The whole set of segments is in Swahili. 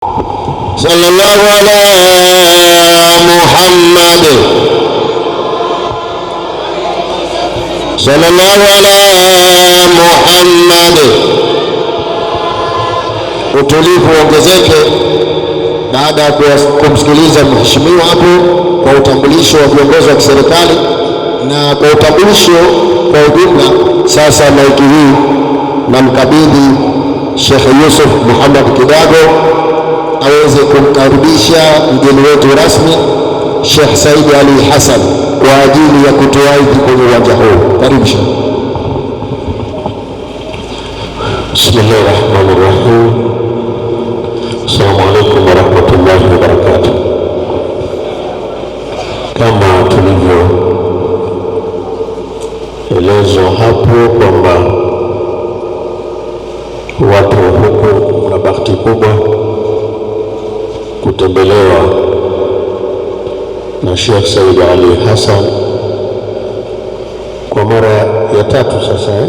sallallahu ala Muhammad sallallahu ala Muhammad. Utulivu uongezeke baada ya kumsikiliza mheshimiwa hapo kwa utambulisho wa viongozi wa kiserikali na kwa utambulisho kwa ujumla. Sasa maiki hii na namkabidhi shekhe Yusuf Muhammad Kidago aweze kumkaribisha mgeni wetu rasmi Sheikh Said Ali Hassan kwa ajili ya kutoa idhini kwenye uwanja huu. Karibu Sheikh. Bismillahir Rahmanir Rahim. Assalamu alaykum wa rahmatullahi wa barakatuh. Kama tulivyoelezwa hapo kwamba watu huku na bahati kubwa na Sheikh Said Ali Hassan kwa mara ya tatu sasa eh?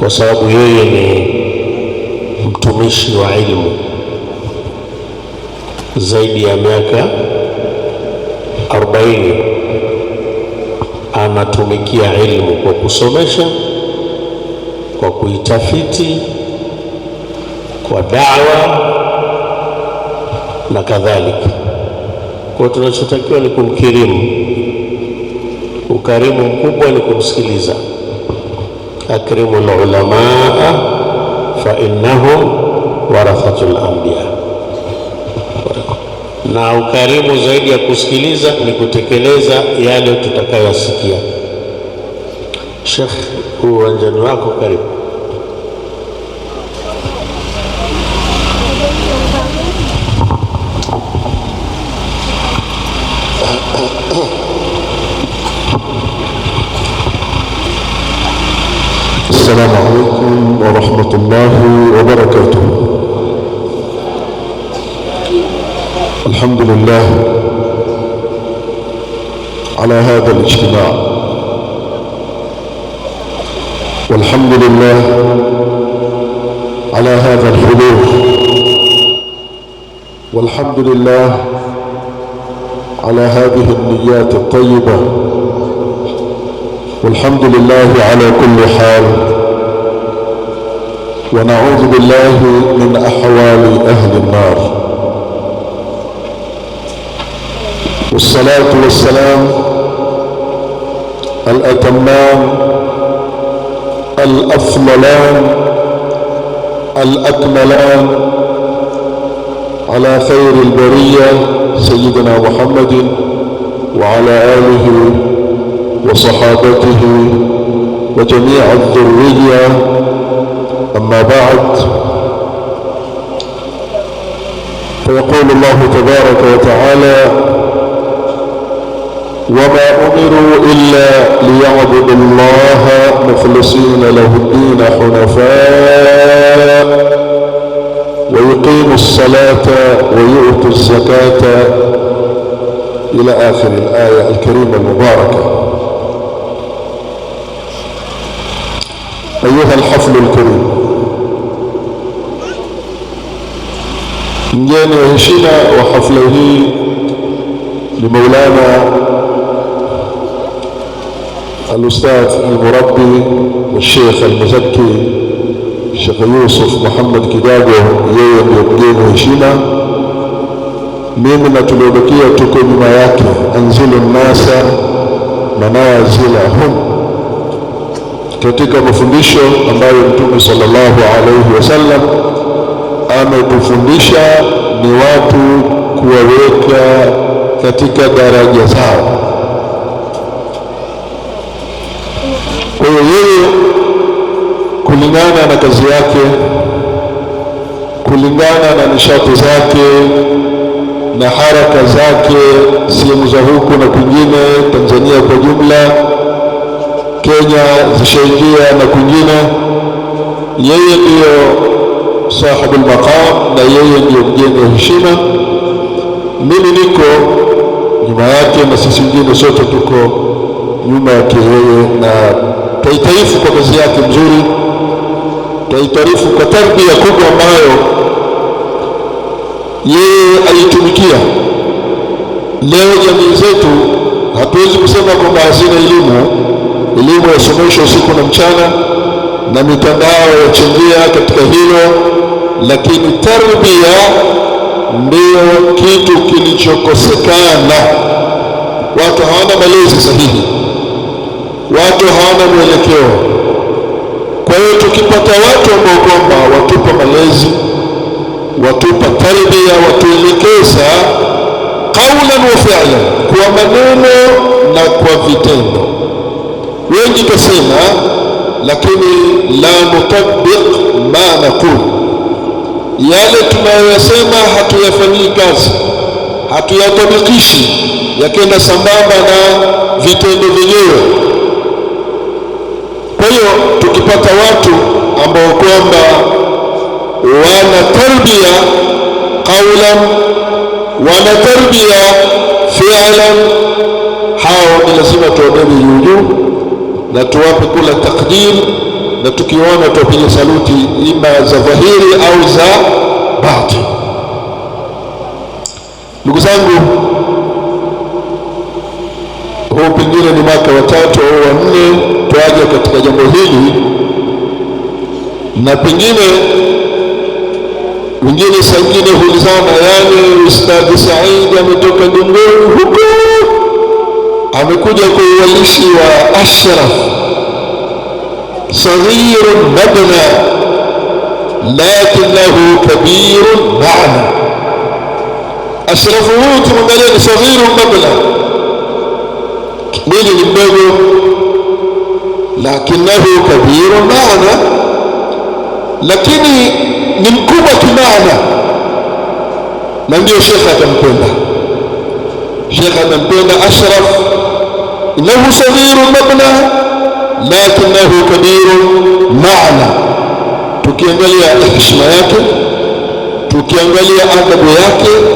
Kwa sababu yeye ni mtumishi wa ilmu zaidi ya miaka 40 anatumikia ilmu kwa kusomesha, kwa kuitafiti, kwa dawa na kadhalika. Kwa tunachotakiwa ni kumkirimu. Ukarimu mkubwa ni kumsikiliza. Akrimu lulamaa fa innahum warathatul anbiya, na ukarimu zaidi ya kusikiliza ni kutekeleza yale tutakayoyasikia. Shekh, uwanjani wako karibu السلام عليكم ورحمة الله وبركاته الحمد لله على هذا الاجتماع والحمد لله على هذا الحضور والحمد لله على هذه النيات الطيبة والحمد لله على كل حال ونعوذ بالله من أحوال أهل النار والصلاة والسلام الأتمان الأفضلان الأكملان على خير البريه سيدنا محمد وعلى آله وصحابته وجميع الذرية أما بعد فيقول الله تبارك وتعالى وما أمروا إلا ليعبدوا الله مخلصين له الدين حنفاء يقيموا الصلاة ويؤتوا الزكاة إلى آخر الآية الكريمة المباركة أيها الحفل الكريم نجاني وهشينا وحفله لمولانا الأستاذ المربي والشيخ المزكي Sheikh Yusuf Muhammad Kidago, yeye ndio mgeni heshima. Mimi na tuliobakia tuko nyuma yake, anzilu nasa manazilahum, katika mafundisho ambayo Mtume sallallahu alaihi wasallam ametufundisha ni watu kuwaweka katika daraja zao. Kwa hiyo kulingana na kazi yake, kulingana na nishati zake na haraka zake, sehemu za huku na kwingine, Tanzania kwa jumla, Kenya zishaingia na kwingine. Yeye ndiyo sahibul maqam na yeye ndiyo mgeni wa heshima. Mimi niko nyuma yake na sisi wengine sote tuko nyuma yake yeye na taitaifu kwa kazi yake mzuri taitarifu kwa tarbia kubwa ambayo yeye alitumikia. Leo jamii zetu hatuwezi kusema kwamba hazina elimu. Elimu yasomeshwa usiku na mchana, na mitandao yachangia katika hilo, lakini tarbia ndiyo kitu kilichokosekana. Watu hawana malezi sahihi, watu hawana mwelekeo kwa hiyo tukipata watu ambao kwamba watupa malezi, watupa tarbia, watuelekeza qaulan wa fi'lan, kwa maneno na kwa vitendo. Wengi kasema, lakini la mutabiq ma naqul, yale tunayoyasema hatuyafanyii kazi, hatuyatabikishi, yakenda sambamba na vitendo vyenyewe kwa hiyo tukipata watu ambao kwamba wana tarbia qaulan, wana tarbia fi'lan, hao ni lazima tuwabebe juujuu na tuwape kula takdir na tukiona tuwapiga saluti, ima za dhahiri au za batini. Ndugu zangu huu pengine ni mwaka watatu au wanne twaja katika jambo hili, na pengine wengine saingine hulizana, yani Ustadhi Saidi ametoka Dongoni huko amekuja kwa uwalishi wa Ashraf saghirun mabna lakinahu kabirun maana. Ashrafu huu tumangalia ni saghirun mabna hili ni mdogo, lakinahu kabiru maana, lakini ni mkubwa kimaana, na ndio shekhe atampenda. Shekhe atampenda Ashraf, innahu saghiru mabna lakinahu kabiru maana. Tukiangalia heshima yake, tukiangalia adabu yake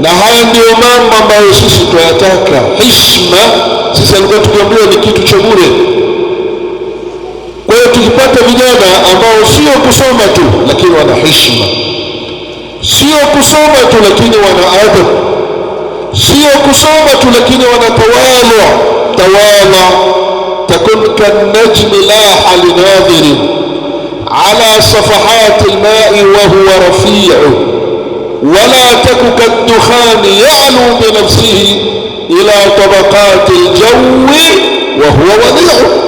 na haya ndiyo mambo ambayo sisi tunayataka. heshima sisi alikuwa tukiambiwa ni kitu cha bure. Kwa hiyo tukipata vijana ambao sio kusoma tu, lakini wana heshima sio kusoma tu, lakini wana adabu, sio kusoma tu, lakini wana tawala. Tawala takun kanajmi laha linadhirin ala safahati lmai wahuwa rafiu ولا تك كالدخان يعلو بنفسه الى طبقات الجو وهو وديع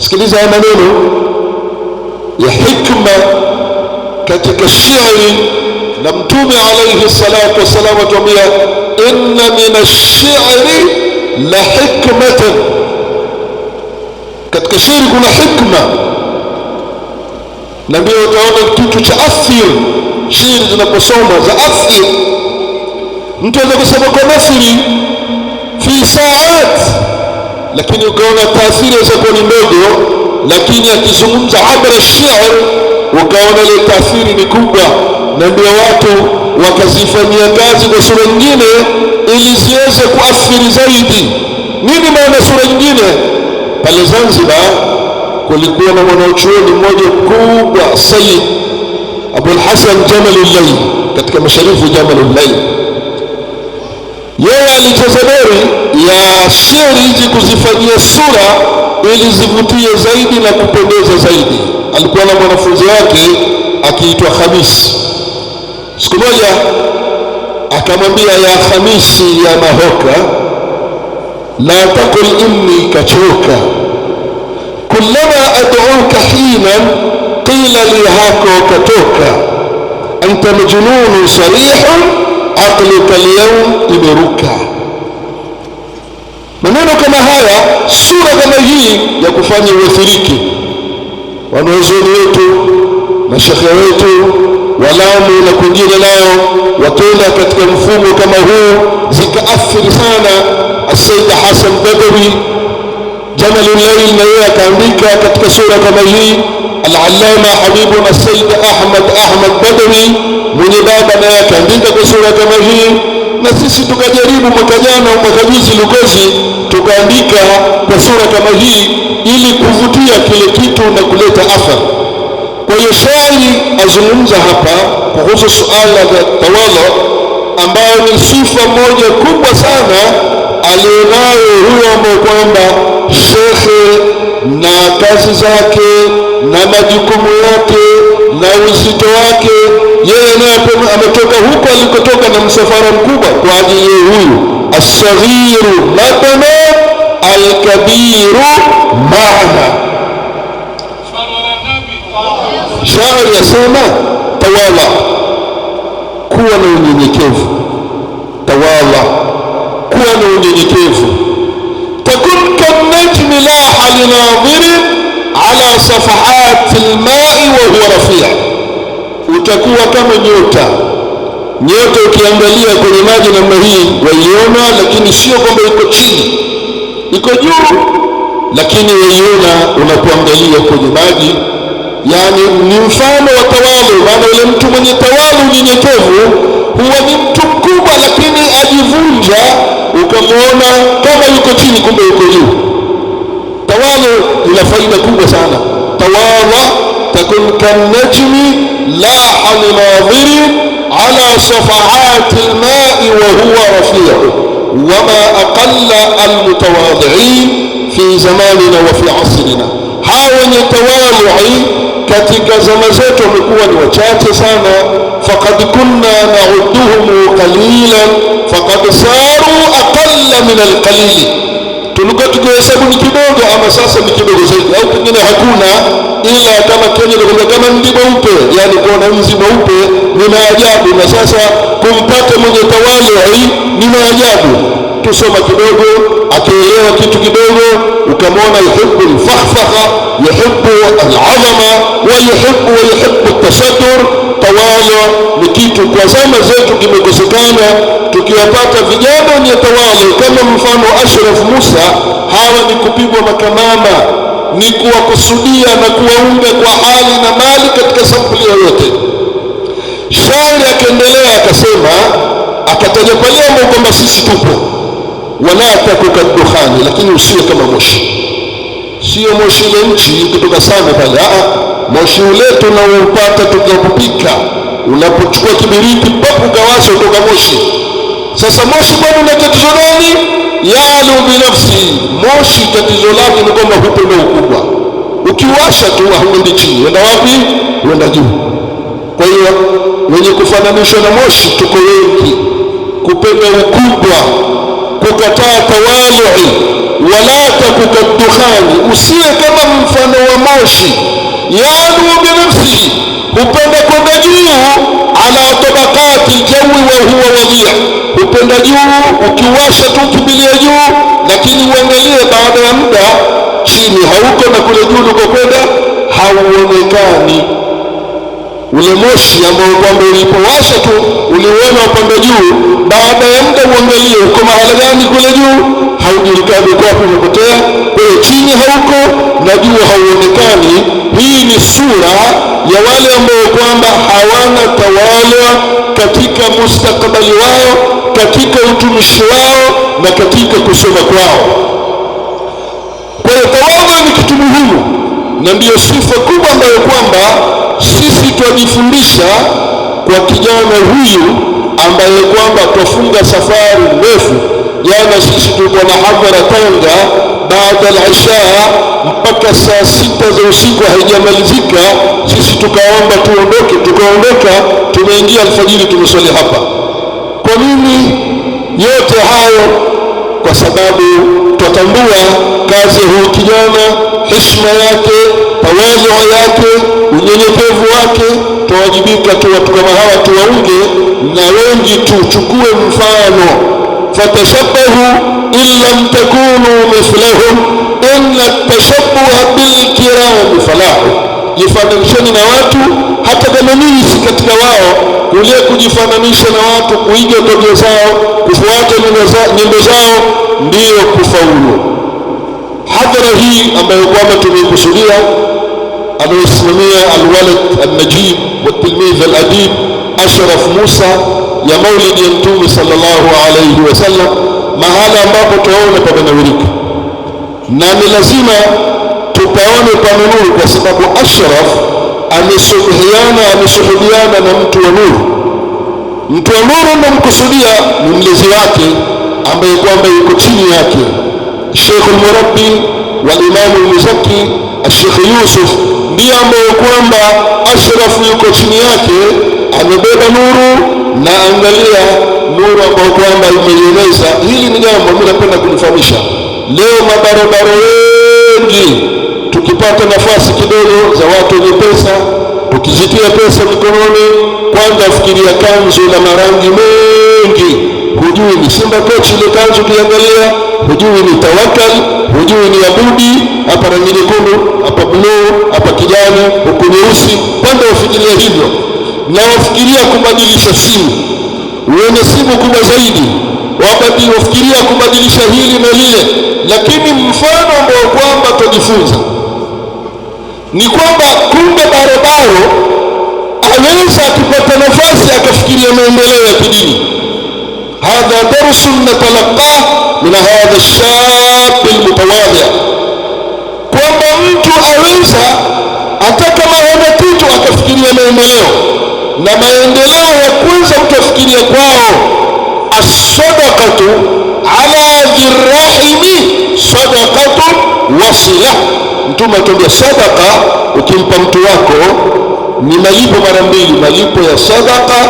اسكليز يا منينو لحكمة كتك الشعر لم تومي عليه الصلاة والسلام جميع إن من الشعر لحكمة كتك الشعر يقول حكمة نبي وتعالى كنت تأثر shiri zinaposoma za asli, mtu anaweza kusema kwa nasri fi saat, lakini ukaona taasiri yazakuwa ni ndogo, lakini akizungumza abra shi'r ukaona ile taasiri ni kubwa, na ndio watu wakazifanyia kazi kwa sura nyingine ili ziweze kuathiri zaidi. Nini maana sura nyingine? Pale Zanzibar kulikuwa na mwanachuoni mmoja mkubwa Sayyid Abul Hasan Jamalul Layl katika masharifu Jamalul Layl, yeye alicheza dore ya shairi hizi kuzifanyia sura ili zivutie zaidi na kupendeza zaidi. Alikuwa na mwanafunzi wake akiitwa Khamisi. Siku moja akamwambia, ya Khamisi ya mahoka, la takul inni kachoka kullama ad'uka hinan qila li hako katoka anta majnunu sarihun aqluka alyawm imeruka. Maneno kama haya, sura kama hii ya kufanya uathirike. Wanazuoni wetu mashekhe wetu walamu na kwingine nao wakaenda katika mfumo kama huu, zikaathiri sana Asaida Hasan Badawi Jamalul Layl na yeye akaandika katika sura kama hii. alalama Habibuna Sayyid Ahmad Ahmad Badawi mwenye baba naye akaandika kwa sura kama hii, na sisi tukajaribu mwaka jana mwaka juzi Lukozi tukaandika kwa sura kama hii ili kuvutia kile kitu na kuleta athari. Kwa hiyo shairi azungumza hapa kuhusu suala la tawala ambayo ni sifa moja kubwa sana aliyonayo huyo ambaye kwamba Sese na kazi zake na majukumu yake na uzito wake, yeye naye ametoka huko alikotoka na msafara mkubwa kwa ajili ya huyu asaghiru matana alkabiru maana. Shairi yasema tawala, kuwa na unyenyekevu. Tawala, kuwa na unyenyekevu يجني لاح لناظر ala safahati lmai wahuwa rafia, utakuwa kama nyota. Nyota ukiangalia kwenye maji namna hii waiona, lakini sio kwamba iko chini, iko juu, lakini waiona unapoangalia kwenye maji. Yani ni mfano wa tawalu maana yule mtu mwenye tawalu unyenyekevu, huwa ni mtu mkubwa, lakini ajivunja, ukamwona kama yuko chini, kumbe yuko juu. تواضع إلى فايدة كوبة سانة تواضع تكون كالنجم لاح لناظر على صفعات الماء وهو رفيع وما أقل المتواضعين في زماننا وفي عصرنا حاول تواضعي كتك زمزات مكوة وشات سانة فقد كنا نعدهم قليلا فقد صاروا أقل من القليل Tulikuwa tukihesabu ni kidogo ama sasa ni kidogo zaidi, au pengine hakuna, ila kama Kenya tunakwambia kama mji mweupe, yani kuona mji mweupe ni maajabu, na sasa kumpata mwenye tawali ni maajabu. Tusoma kidogo, akielewa kitu kidogo, ukamwona yuhibbu lfahfaha, yuhibbu alazama wa yuhibbu wa yuhibbu tasadur. Tawali ni kitu kwa zama zetu kimekosekana. tukiwapata vijana wanyatawale kama mfano Ashraf Musa, hawa ni kupigwa makamama, ni kuwakusudia na kuwaunga kwa hali na mali katika sampuli yoyote. Shairi akaendelea akasema, akataja kwa ambao kwamba sisi tupo, wala kadukhani lakini usiwe kama moshi. Sio moshi ile nchi kutoka sana pale, a moshi ule tunaoupata tukapopika, unapochukua kibiriti papu gawasha utoka moshi sasa moshi kwenu na tatizo nani yalu binafsi, moshi tatizo lake ni kwamba hupenda ukubwa. Ukiwasha tu hauendi chini, wenda wapi? Wenda juu. Kwa hiyo wenye kufananishwa na moshi tuko wengi, kupenda ukubwa, kukataa tawalui, wala dukhani usiwe kama mfano wa moshi. yalu yaani binafsi, hupenda kwenda juu ala tabakati wa huwa wadhia, upenda juu, ukiwasha tu kimbilia juu, lakini uangalie baada ya muda chini hauko na kule juu ulikokwenda hauonekani ule moshi ambao kwamba ulipowasha tu uliuona upande juu, baada ya muda uangalie uko mahala gani kule juu, haujulikani kwapi umepotea. Kwa hiyo chini hauko na juu hauonekani. Hii ni sura ya wale ambao kwamba hawana tawala katika mustakabali wao, katika utumishi wao na katika kusoma kwao. Kwa hiyo tawadhu ni kitu muhimu, na ndiyo sifa kubwa ambayo kwamba sisi twajifundisha kwa kijana huyu ambaye kwamba twafunga safari ndefu Jana sisi tulikuwa na hadhara Tanga baada ya ishaa mpaka saa sita za usiku haijamalizika. Sisi tukaomba tuondoke, tukaondoka, tumeingia alfajiri, tumeswali hapa. Kwa nini yote hayo? Kwa sababu twatambua kazi ya huyu kijana, heshima yake, tawadhu yake, unyenyekevu wake. Twawajibika tu watu kama hawa tuwaunge, na wengi tuchukue mfano فتشبهوا إن لم تكونوا مثلهم إن التشبه بالكرام فلاح jifananisheni na watu hata kama ninyi si katika wao kulia kujifananisha na watu kuiga ndogo zao kufuata nyendo zao ndiyo kufaulu hadhara hii ambayo kwamba tumeikusudia anayosimamia alwalad alnajib والتلميذ الأديب أشرف موسى ya maulidi ya Mtume sallallahu alaihi wasallam, mahala ambapo twaona pamenawirika na ni lazima tupaone nuru kwa sababu Ashraf amesuhiana amesuhudiana na mtu wa nuru. Mtu wa nuru namkusudia ni mlezi wake ambaye kwamba yuko chini yake Sheikh al-Murabbi wa Imam al-Muzakki sheikh Yusuf, ndiye ambaye kwamba Ashraf yuko chini yake, amebeba nuru na angalia nuru ambayo kwamba imeieneza Hili ni jambo mimi napenda kulifahamisha leo. Mabarobaro wengi tukipata nafasi kidogo za watu wenye pesa, tukizitia pesa mikononi, kwanza fikiria kanzu na marangi mengi, hujui ni Simba Coach ile kanzu ukiangalia, hujui ni Tawakal, hujui ni Abudi, hapa rangi nyekundu, hapa bluu, hapa kijani, huku nyeusi. Kwanza ufikiria hivyo nawafikiria kubadilisha simu, wenye simu kubwa zaidi wafikiria kubadilisha hili na lile, lakini mfano ambao kwamba tujifunza ni kwamba kumbe barobaro aweza akipata nafasi akafikiria maendeleo ya kidini. hadha darsun natalaqah min hadha lshabi lmutawadhia, kwamba mtu aweza hata kama wana kitu wakafikiria maendeleo, na maendeleo ya kwanza utafikiria kwao assadaqatu ala dhirrahimi sadaqatu wasila. Mtume atuambia sadaqa, ukimpa mtu wako ni malipo mara mbili, malipo ya sadaqa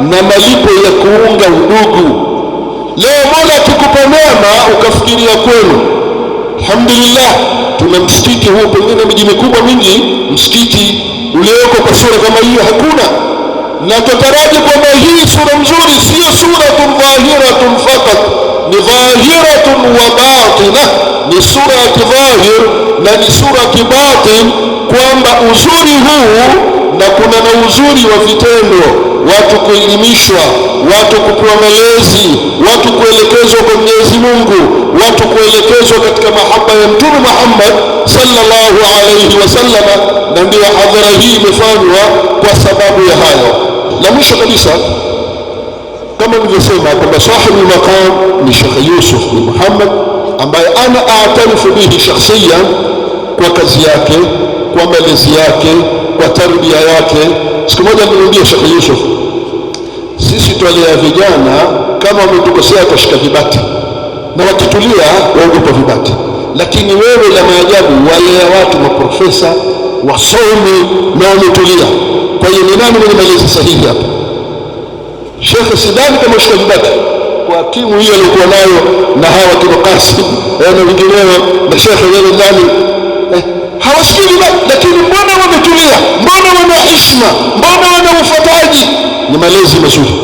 na malipo ya kuunga udugu. Leo Mola tukupa neema ukafikiria kwenu, alhamdulillah, tuna msikiti huu, pengine miji mikubwa mingi msikiti ulioko kwa sura kama hiyo hakuna, na tataraji kwamba hii sura nzuri siyo suratun dhahiratun fakat, ni dhahiratun wa batina, ni sura ya kidhahir na ni sura ya kibatin, kwamba uzuri huu na kuna na uzuri wa vitendo, watu kuelimishwa watu kupewa malezi, watu kuelekezwa kwa Mwenyezi Mungu, watu kuelekezwa katika mahaba ya Mtume Muhammad sallallahu alayhi wasallam, na ndiyo hadhara hii imefanywa kwa sababu ya hayo. Na mwisho kabisa, kama nilivyosema kwamba sahibu maqam ni Sheikh Yusuf bin Muhammad ambaye ana atarifu bihi shakhsiyan kwa kazi yake, kwa malezi yake, kwa tarbia yake. Siku moja nilimwambia Sheikh Yusuf sisi twalea vijana kama wametukosea twashika vibati na wakitulia waogopa vibati, lakini wewe la maajabu walea watu maprofesa wasomi na wametulia. Kwa hiyo ni nani mwenye malezi sahihi hapa? Shekhe sidani kama shika vibati kwa timu hiyo aliyokuwa nayo na hawa kinokasi eh, na wengineo na shekhe yeye nani, eh, hawasikii vibati, lakini mbona wametulia? wana heshima, mbona wana ufuataji? Ni malezi mazuri.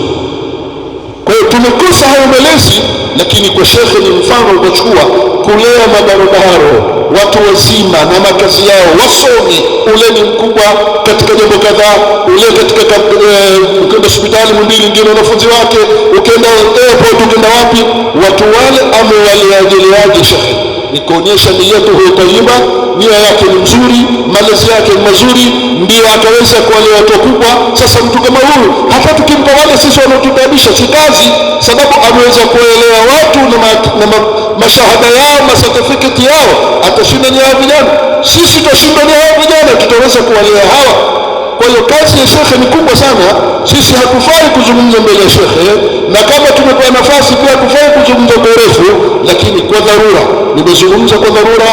Kwa hiyo tumekosa hayo malezi, lakini kwa shekhe ni mfano utachukua kulea mabarodaro watu wazima na makazi yao, wasomi. Ule ni mkubwa katika jambo kadhaa, ule katika eh, ukienda hospitali mwingine ndio wanafunzi wake, ukienda airport, ukienda wapi, watu wale amewaleajeleaje shekhe ni kuonyesha huyo tayiba nia yake ni mzuri, malezi yake ni mazuri, ndio ataweza kuwalea watu wakubwa. Sasa mtu kama huyu hata tukimpa wale sisi wanaotutaabisha si kazi, sababu ameweza kuwaelewa watu na, ma, na ma, mashahada yao masatifiketi yao, atashinda ni hao vijana. Sisi tutashinda ni vijana, tutaweza kuwalea hawa kwa hiyo kazi ya shekhe ni kubwa sana. Sisi hatufai kuzungumza mbele ya shekhe, na kama tumepewa nafasi pia hatufai kuzungumza kwa urefu, lakini kwa dharura nimezungumza kwa dharura.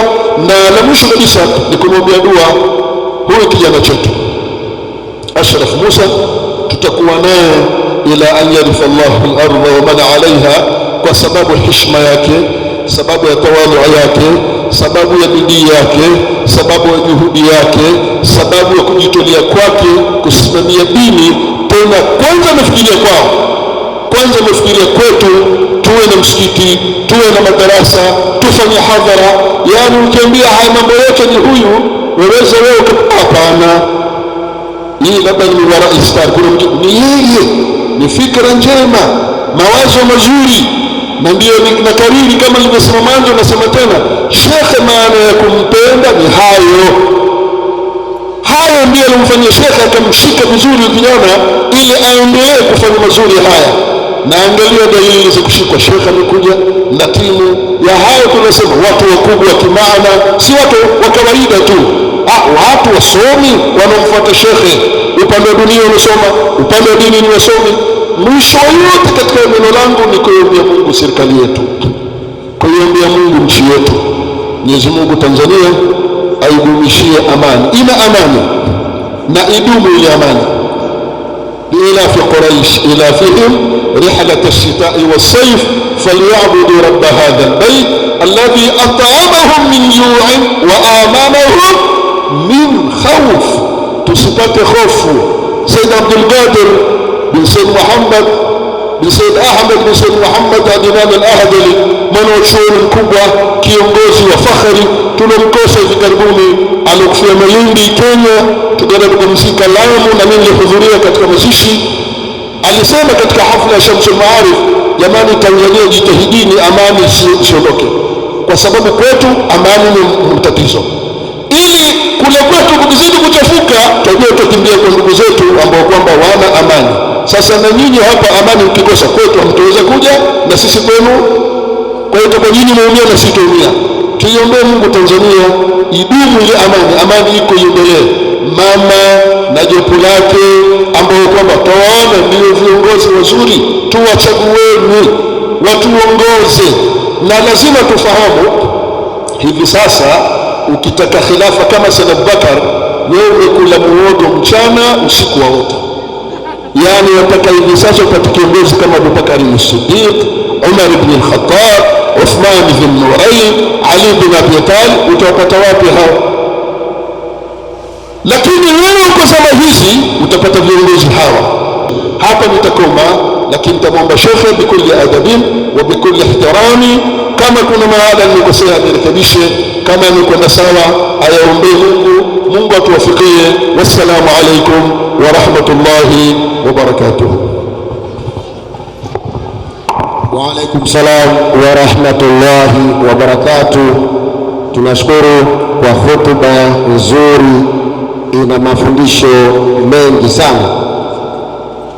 Na la mwisho kabisa ni kumwambia dua huyu kijana chetu Ashraf Musa, tutakuwa naye ila an yarifa Allahu al-ardha wa man alaiha, kwa sababu hishma yake, sababu ya tawadhu yake sababu ya bidii yake, sababu ya juhudi yake, sababu ya kujitolea kwake kusimamia dini. Tena kwanza amefikiria kwao, kwanza amefikiria kwetu, tuwe na msikiti, tuwe na madarasa, tufanye hadhara. Yaani ukiambia haya mambo yote ni huyu, waweza wewe hapana, hii labda ni miwara istar, kuna ni yeye, ni fikra njema, mawazo mazuri na ndiyo nakariri kama ilivyosema mwanzo, nasema tena, shekhe, maana ya kumpenda ni hayo hayo, ndiyo alimfanyia shekhe, akamshika vizuri kijana ili aendelee kufanya mazuri haya. Naangalia dalili za kushikwa shekhe, amekuja na timu ya hayo tunasema, watu wakubwa kimaana, si watu wa kawaida tu ah, watu wasomi wanaomfuata shekhe, upande wa dunia unasoma upande wa dini ni wasomi mwisho wote katika neno langu ni kuiombea Mungu serikali yetu, kuiombea Mungu nchi yetu. Mwenyezi Mungu Tanzania aidumishie amani, ina amani na idumu ile amani. biilafi Quraish ilafihim rihlata lshitai walsaif falyabudu rabb hadha lbait alladhi atamahum min juin wa amanahum min khauf. Tusipate hofu. Said Qadir bin Said Muhammad bin Said Ahmed bin Said Muhammad al al-Ahdali, mwanachuoni mkubwa, kiongozi wa fakhari tulimkosa hivi karibuni, alikufia Malindi Kenya, tukaenda tukamzika Lamu na mimi nilihudhuria katika mazishi. Alisema katika hafla ya Shamsul Maarif, jamani, Tanzania jitahidini amani isiondoke, kwa sababu kwetu amani ni tatizo ili kule kwetu kukizidi kuchafuka, tunajua tutakimbia kwa ndugu zetu ambao kwamba wana amani. Sasa na nyinyi hapa amani mkikosa kwetu hamtaweza kuja na sisi kwenu. Kwa hiyo kwa nyinyi mwaumia na sisi tuumia Tuiombee Mungu Tanzania idumu ile amani, amani iko iendelee. Mama na jopo lake ambao kwamba twawaona ndio viongozi wazuri, tuwachagueni watuongoze, na lazima tufahamu hivi sasa ukitaka khilafa kama Sayyid Abubakar, wewe kula muogo mchana usiku wa wote yani watakahivi sasa upate kiongozi kama Abubakari Siddiq, Umar ibn al-Khattab, Uthman ibn Nurayn, Ali ibn Abi Talib, utawapata wapi hao? Lakini wewe uko zama hizi utapata viongozi hawa. Hapa nitakoma, lakini tamwomba shekhe bikulli adabin wa bikulli ihtirami, kama kuna mahala nilikosea nirekebishe. kama imekwenda sawa, ayaombee Mungu, Mungu atuwafikie. Wassalamu alaikum wa wabarakatuh. Wa alaikum salam wa wabarakatuh. Tunashukuru kwa hotuba nzuri, ina mafundisho mengi sana.